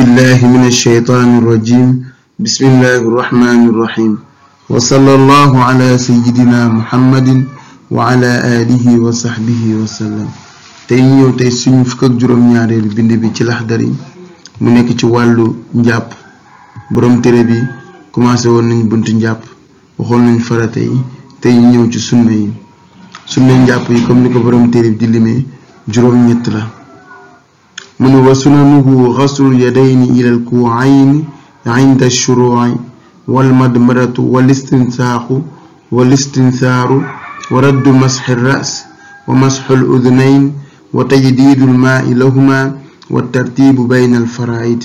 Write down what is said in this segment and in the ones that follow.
billahi min ash-shaytaani irrajim bismillahi irrahmaani irrahim wa sallallahu ala sayidina muhammadin wa ala wa sahbihi wa sallam tey ñëw tey suñ fukk ak juróom-ñaareelu bind bi ci laxdari mu nekk ci wàllu njàpp boroom téere bi commencé woon nañ buntu njàpp waxoon nañu farate yi tey ñëw ci sunna yi sunna njàpp yi comme ni ko boroom téere bi di limee juróom-ñett la mu ne wa sunanuhu xaslul yadayni ilal kuwayni inda shuruuci wal madmadatu wal istinsaaqu wal istinsaaru wa raddu masxi ras wa masxul udnayn wa tajdiidul maai lahuma wa tartiibu bayna alfaraid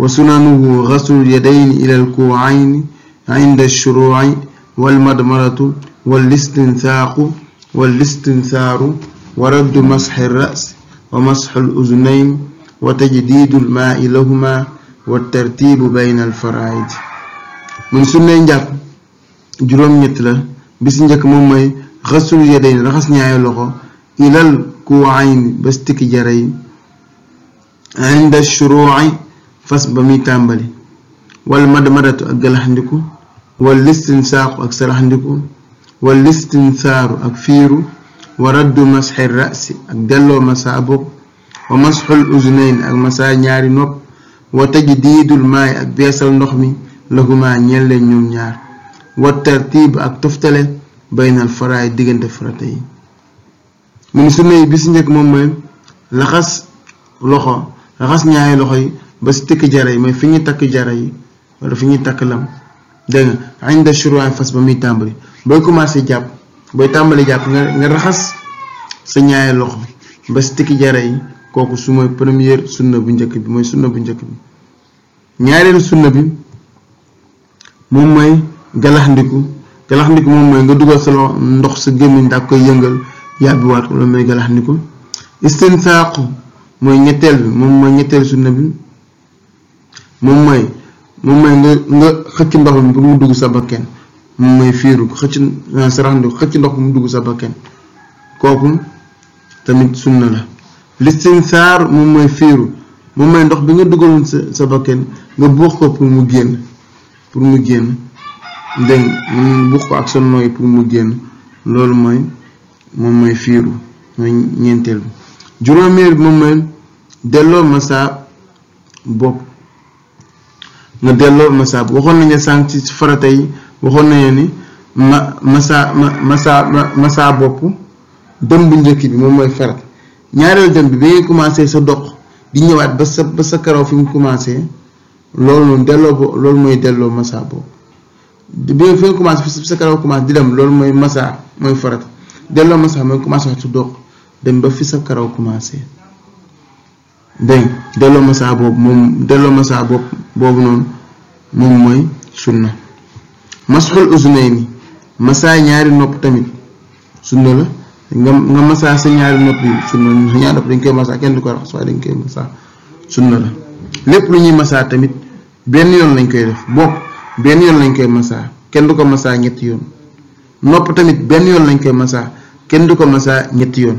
wa sunanuhu xaslul yadayni ilal kuwayni inda shuruuci wal madmadatu wal istinsaaqu wal istinsaaru wa raddu masxi ras wa masxul uzunayn wa tajdiidul maai lahuma wa tartiibu bayna al faraid mun sunnay njàpp juróom-ñett la bi si njëkk moom mooy xasul yadayn raxas ñaari loxo ilal kuwaayni ba si tikki jara yi inda shuruuci fas ba muy tàmbali wal madmadatu ak galaxndiku wal listinsaaku ak saraxndiku wal listinsaaru ak fiiru wa raddu masxi rasi ak delloo masa bopp wa masxul uzunayn ak masa ñaari nopp wa tajdiidul maay ak beesal ndox mi lahuma ñeel leen ñoom ñaar wa tartiib ak toftale baynal faraay diggante farata yi mu ni sunna bi si njëkk moom mooy laxas loxo raxas ñaari loxo yi ba si tëkk jara yi mooy fi ñuy takk jara yi wala fi ñuy takk lam dégg nga inda shuruwaay fas ba muy tàmbali booy commencé jàpp booy tàmbali jàpp nga raxas sa ñaari loxo ba si tikki jara yi kooku su mooy première sunna bu njëkk bi mooy sunna bu njëkk bi ñaareelu sunna bi moom mooy galaxndiku galaxndiku moom mooy nga dugal sa ndox sa gémmiñ daa koy yëngal yàbbiwaat ko loolu mooy galaxndiku istinsaaqu ñetteel bi moom mooy ñetteel sunna bi moom mooy moom mooy nga nga xëcc ndox mi pour mu dugg sa bakken moom mooy fiiru xëcc euh, sarax ndox xëcc dugg sa bakkan kooku tamit sunna la listinsaar moom mooy fiiru moom ndox bi nga dugaloon sa sa bakkan nga buux ko pour mu génn pour mu génn dégg pour mu génn loolu mooy moom mooy fiiru ñeenteel bi juróomeel bi moom mooy delloo ma sa bopp nga delloo ma sa bopp waxoon nañu sànq ci farata yi waxoon nañu ni ma masa ma ma masa bopp dem bu njëkk bi moom mooy farat ñaareel dem bi ba ngay commencé sa doq di ñëwaat ba sa ba sa karaw fi mu commencé loolu noonu delloo bo loolu mooy delloo masa bopp bi nga fi nga sa karaw commencé di dem loolu mooy masa mooy farat delloo masa mooy commencé wax su dem ba fi sa karaw commencé dégg delloo masa boobu moom delloo masa bopp boobu noonu moom mooy na masxul usnayni masaa ñaari nopp tamit sunna la nga masaa sa ñaari nopp yi sunna la dañ koy masaa kenn du ko raxas waaye dañ koy masaa lépp lu ñuy masaa tamit benn yoon lañ koy def bopp benn yoon lañ koy masaa kenn du ko masaa ñetti yoon nopp tamit benn yoon lañ koy masaa kenn du ko masaa ñetti yoon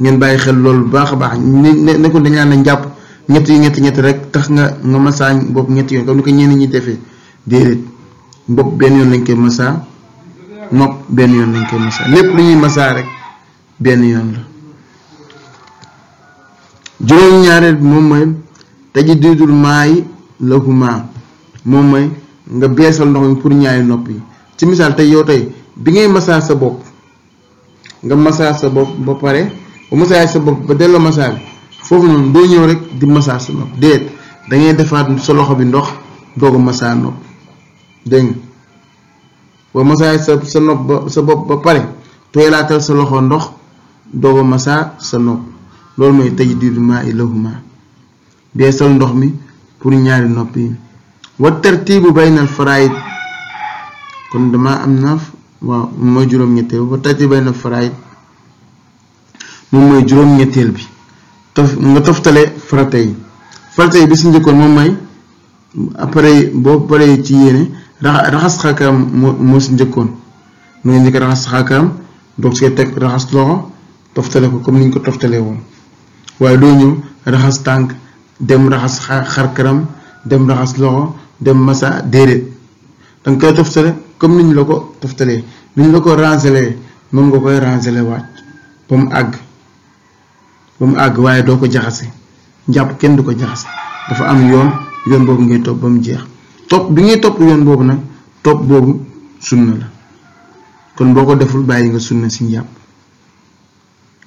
ngeen bàyyi xel loolu bu baax a baax ne ne ko dañaa ne njàpp ñetti ñetti ñetti rek tax nga nga masaa bopp ñetti yoon comme ni ko ñenn ñi defee déedéet. mbopp benn yoon lañ koy masaa nopp benn yoon lañ koy masaa lépp lu ñuy masaa rek benn yoon la juróom-ñaareel bi moom mooy tajdiidul maayi lahumaa moom mooy nga beesal ndox mi pour ñaari nopp yi ci misaal tey yow tey bi ngay masaa sa bopp nga masaa sa bopp ba pare ba masaa sa bopp ba delloo masaa bi foofu noonu doo ñëw rek di masaa sa nopp déet da ngay defaat sa loxo bi ndox doog a masaa nopp dégg boo masaay sa sa nopp ba sa bopp ba pare teelaatal sa loxo ndox dogu masa sa nopp loolu mooy tajdiidu maa ilahuma beesal ndox mi pour ñaari nopp yi wa tartiibu baynal faraid kon dama am na waaw mooy juróom moom mooy juróom-ñetteel bi taf nga toftale farata yi farata yi bi si njëkkoon moom mooy après boo paree ci yéene raxas xarkanam moo moo si njëkkoon mu ngi njëkk raxas xarkanam doog see teg raxas loxo toftale ko comme ni ñu ko toftalee woon waaye doo ñëw raxas tànk dem raxas xar kanam dem raxas loxo dem masa déedéet da nga koy toftale comme ni ñu la ko toftalee ni ñu la ko rangelee noonu nga koy rangelee waat ba mu àgg ba mu àgg waaye doo ko jaxase njàpp kenn du ko jaxase dafa am yoon yoon boobu ngay topp ba mu jeex. topp bi ngay topp yoon boobu nag topp boobu sunna la kon boo ko deful bàyyi nga sunna si njàpp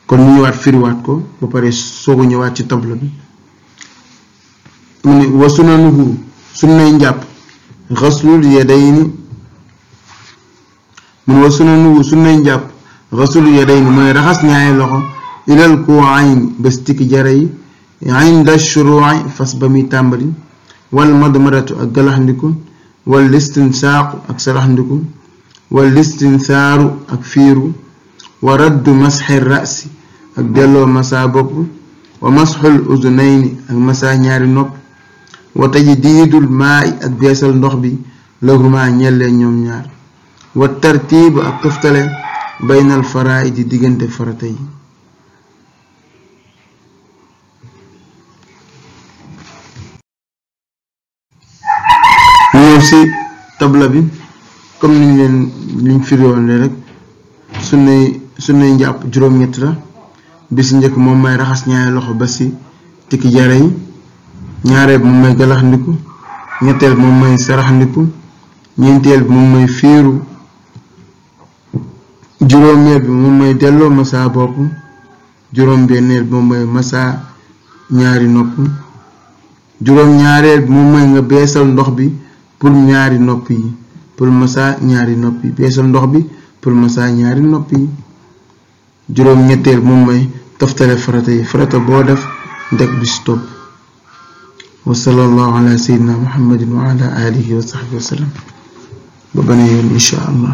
kon ñu ñëwaat firiwaat ko ba pare soo ko ñëwaat ci tableau bi mu ne wa sunanuhu sunnay njàpp xaslul yadayni mu ne wa sunanuhu sunnay njàpp xaslul mooy raxas ñaari loxo ilal ku ayn ba si tikki yi ayn da shuruu'i fas ba muy tàmbali wal madmaratu ak galaxndiku wal listinsaaku ak saraxndiku wal listinsaaru ak fiiru wa raddu masxi rasi ak delloo masaa bopp wa masxul uzunayni ak masaa ñaari nopp wa tajdiidul maay ak beesal ndox bi lahuma ñellee ñoom ñaar wa tartiibu ak toftale baynal faraidi diggante farata ñëw si tabla bi comme niñ leen liñ firiwoon leen rek sunnay njàpp juróom-ñett la bi njëkk moom may raxas ñaari loxo ba si tikki jare yi ñaareel bi moom may galax ndiku ñetteel bi moom may sarax ñeenteel bi moom may fiiru juróomeel bi moom may delloo masaa bopp juróom benneel bi moom may masaa ñaari nopp juróom ñaareel bi moom may nga beesal ndox bi pour ñaari nopp yi pour massa ñaari nopp yi beesal ndox bi pour masaa ñaari nopp yi juróom ñetteel moom mooy toftale farata yi farata boo def ndeg bi stop wa sallallahu ala sayyidina muhammadin wa ala alihi wa ba bana yoon incha allah